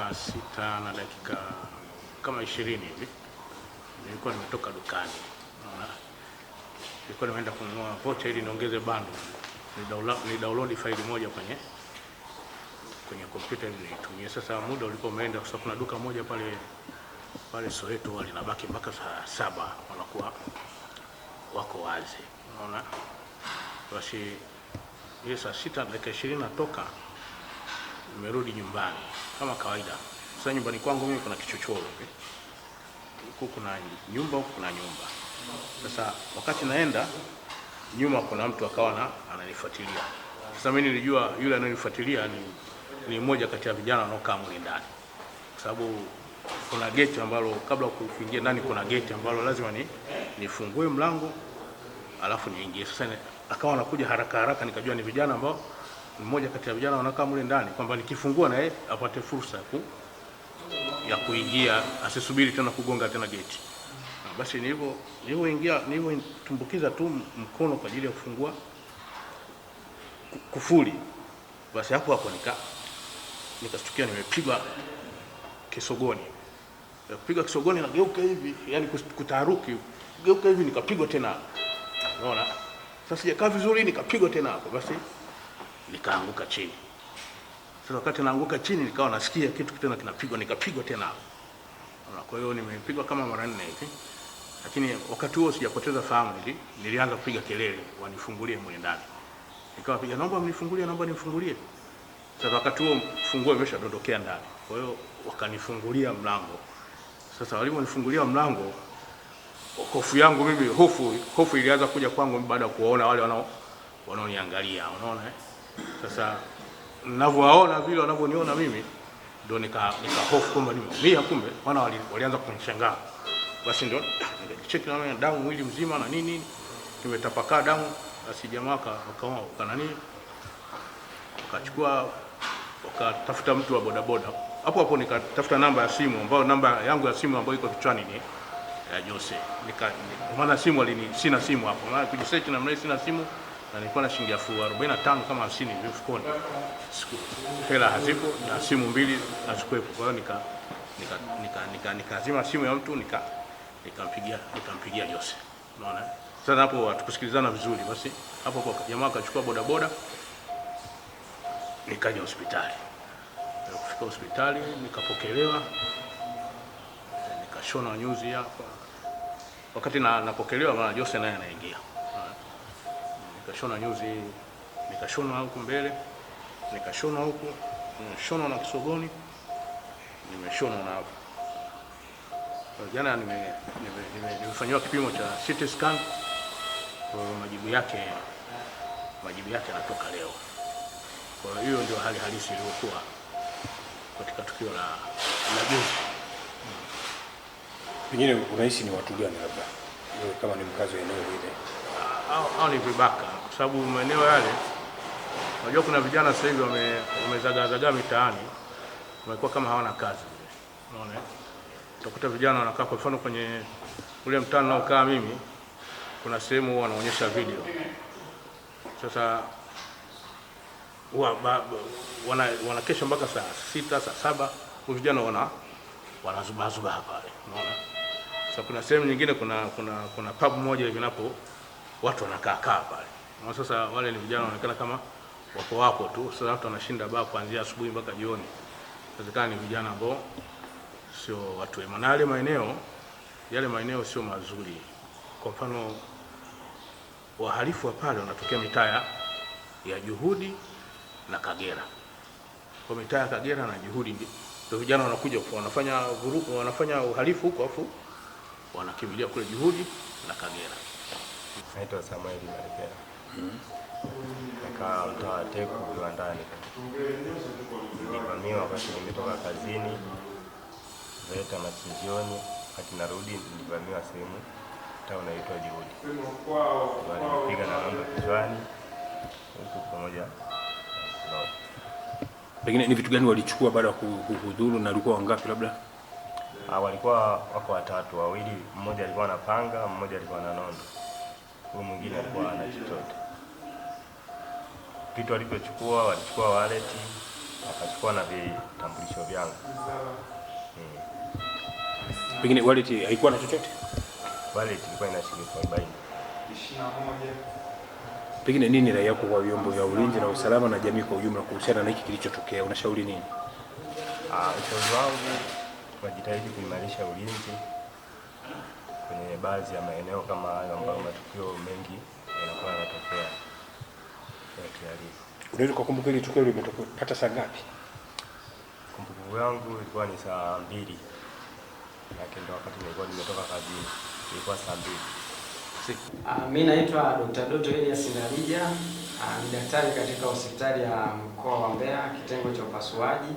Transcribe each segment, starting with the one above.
saa sita na dakika kama ishirini hivi nilikuwa nimetoka dukani, nilikuwa nimeenda kununua vocha ili niongeze bando, ni download faili moja kwenye kwenye kompyuta ili niitumie. Sasa muda ulikuwa umeenda, kwa sababu kuna duka moja pale pale Soweto wale linabaki mpaka saa saba wanakuwa wako wazi, unaona. Basi ile saa sita na dakika ishirini natoka nimerudi nyumbani kama kawaida. Sasa nyumbani kwangu mimi kuna kichochoro eh? huko, kuna nyumba, huko, kuna nyumba. Sasa wakati naenda nyuma, kuna mtu akawa na ananifuatilia. Sasa mimi nilijua yule anayenifuatilia ni, ni mmoja kati ya vijana wanaokaa mwe ndani, kwa sababu kuna geti ambalo kabla kuingia ndani kuna geti ambalo lazima ni nifungue mlango alafu niingie. Sasa akawa anakuja haraka haraka, nikajua ni vijana ambao mmoja kati ya vijana wanakaa mule ndani kwamba nikifungua na yeye apate fursa ya, ku, ya kuingia asisubiri tena kugonga tena geti. Na ah, basi nilivyo nilivyoingia nilivyotumbukiza tu mkono kwa ajili ya kufungua kufuli, basi hapo hapo nika nikastukia nimepigwa kisogoni. Kupigwa kisogoni, nageuka hivi, yani kutaharuki, geuka hivi nikapigwa tena. Unaona? Sasa sijakaa vizuri nikapigwa tena hapo basi nikaanguka chini. Sasa wakati naanguka chini, nikawa nasikia kitu tena kinapigwa, nikapigwa tena. Kwa hiyo nimepigwa kama mara nne hivi, lakini wakati huo sijapoteza fahamu. Nili, nilianza kupiga kelele, wanifungulie mwe ndani. Nikawa piga, naomba mnifungulie, naomba nifungulie. Sasa wakati huo funguo imeshadondokea ndani, kwa hiyo wakanifungulia mlango. Sasa waliponifungulia mlango hofu yangu mimi, hofu hofu ilianza kuja kwangu baada ya kuwaona wale wanao wanaoniangalia, unaona eh? Sasa ninavyowaona vile wanavyoniona mimi ndio nika nika hofu kwamba nimeumia, kumbe wana walianza kunishangaa. Basi ndio ah, nikacheki na damu mwili mzima na nini, nimetapakaa damu. Basi jamaa akaona kana nini, akachukua wakatafuta mtu wa bodaboda hapo hapo, nikatafuta namba ya simu ambayo namba yangu ya simu ambayo iko kichwani ni ya Jose, nika maana simu alini, sina simu hapo, maana kujisearch namna sina simu na nilikuwa na shilingi elfu arobaini na tano kama hamsini hivi mfukoni, hela hazipo na simu mbili hazikuwepo. Kwa hiyo nika nikazima nika, nika, nika simu ya mtu nika nikampigia nikampigia Jose, unaona sasa hapo tukusikilizana vizuri. Basi hapo kwa jamaa akachukua bodaboda, nikaja hospitali. Kufika hospitali nikapokelewa, nikashona nyuzi hapa. Wakati na napokelewa, maana Jose naye anaingia nikashona nyuzi, nikashona huku mbele, nikashona huku, nimeshona na kisogoni, nimeshona na hapo. Jana nimefanyiwa nime, nime, kipimo cha CT scan, kwa majibu yake majibu yake yanatoka leo. Kwa hiyo ndio hali halisi iliyokuwa katika tukio la la juzi. Pengine unahisi ni watu gani labda kama ni mkazi wa eneo hili? au ni vibaka, kwa sababu maeneo yale, unajua kuna vijana sasa hivi wamezagaazagaa mitaani, wamekuwa kama hawana kazi. Unaona, utakuta vijana wanakaa, kwa mfano kwenye ule mtaa naokaa mimi, kuna sehemu wanaonyesha video. Sasa wanakesha mpaka saa sita, saa saba, vijana wana wanazubazuba hapa, unaona. Sasa kuna sehemu nyingine, kuna kuna kuna pub moja hivi napo watu wanakaa kaa pale na sasa, wale ni vijana wanaonekana kama wako wako tu. Sasa watu wanashinda baa kuanzia asubuhi mpaka jioni, inawezekana ni vijana ambao sio watu wema, na yale maeneo yale maeneo sio mazuri. Kwa mfano, wahalifu wa pale wanatokea mitaa ya Juhudi na Kagera, kwa mitaa ya Kagera na Juhudi ndio vijana wanakuja wanafanya, wanafanya uhalifu huko, afu wanakimbilia kule Juhudi na Kagera naitwa Samuel Malipera mm -hmm. mtaa wa Teku viwandani. Nilivamiwa wakati nimetoka kazini VETA machinjioni, wakati narudi nilivamiwa sehemu town inaitwa Juhudi, walinipiga na namba kichwani huku pamoja Pengine ni vitu gani walichukua baada ya kuhudhuru, na walikuwa wangapi? Labda ah, walikuwa wako watatu, wawili, mmoja alikuwa na panga, mmoja alikuwa na nondo wengine walikuwa na chochote. Vitu alivyochukua, walichukua wallet, akachukua na vitambulisho vyangu. Hmm. Pengine wallet haikuwa na chochote? Wallet ilikuwa ina shilingi 40. Pengine nini rai yako kwa vyombo vya ulinzi na usalama na jamii kwa ujumla kuhusiana na hiki kilichotokea? Unashauri nini? Ah, ushauri wangu wajitahidi kuimarisha ulinzi baadhi ya maeneo kama hayo ambayo matukio mengi yanakuwa yanatokea ya kihalifu. Unaweza kukumbuka ile tukio limetokea saa ngapi? Kumbukumbu yangu ilikuwa ni saa mbili, lakini ndio wakati nilikuwa nimetoka kazini, ilikuwa saa mbili. Ah, mi naitwa Dr. Doto Elias Ndalija, ah, ni daktari katika hospitali ya mkoa wa Mbeya kitengo cha upasuaji.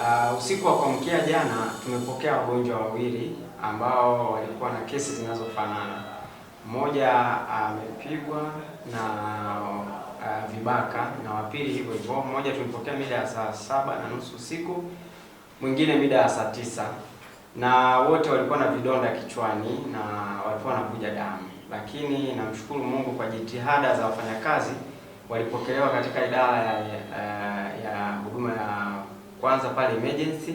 Uh, usiku wa kuamkia jana tumepokea wagonjwa wawili ambao walikuwa na kesi zinazofanana. Mmoja uh, amepigwa uh, na uh, vibaka na wapili hivyo hivyo. Mmoja tumepokea mida ya saa saba na nusu usiku, mwingine mida ya saa tisa, na wote walikuwa na vidonda kichwani na walikuwa wanavuja damu, lakini namshukuru Mungu kwa jitihada za wafanyakazi, walipokelewa katika idara ya, ya, uh, ya huduma ya kwanza pale emergency,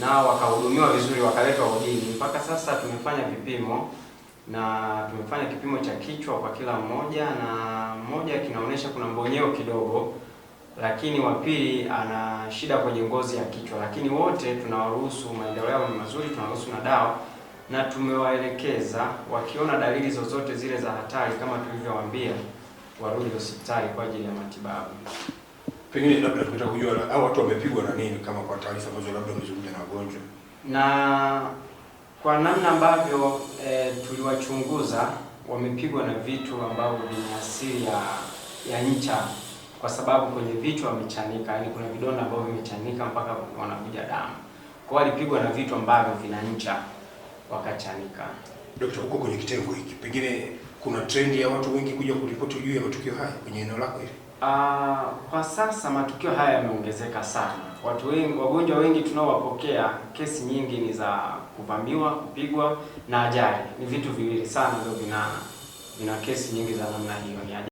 na wakahudumiwa vizuri, wakaletwa wodini. Mpaka sasa tumefanya vipimo na tumefanya kipimo cha kichwa kwa kila mmoja, na mmoja kinaonyesha kuna mbonyeo kidogo, lakini wa pili ana shida kwenye ngozi ya kichwa, lakini wote tunawaruhusu, maendeleo yao ni mazuri, tunaruhusu na dawa na tumewaelekeza wakiona dalili zozote zile za hatari, kama tulivyowaambia, warudi hospitali kwa ajili ya matibabu pengine labda tunataka kujua au watu wamepigwa na nini, kama kwa taarifa ambazo labda umezungumza na wagonjwa. Na kwa namna ambavyo e, tuliwachunguza wamepigwa na vitu ambavyo vina asili ya, ya ncha, kwa sababu kwenye vichwa wamechanika, yaani kuna vidonda ambavyo vimechanika mpaka wanakuja damu. Kwa hiyo walipigwa na vitu ambavyo vina ncha wakachanika. Dokta, huko kwenye kitengo hiki pengine kuna trendi ya watu wengi kuja kuripoti juu ya matukio haya kwenye eneo lako hili? Uh, kwa sasa matukio haya yameongezeka sana. Watu wengi, wagonjwa wengi tunaowapokea, kesi nyingi ni za kuvamiwa, kupigwa na ajali. Ni vitu viwili sana ndio vina vina kesi nyingi za namna hiyo ni ajali.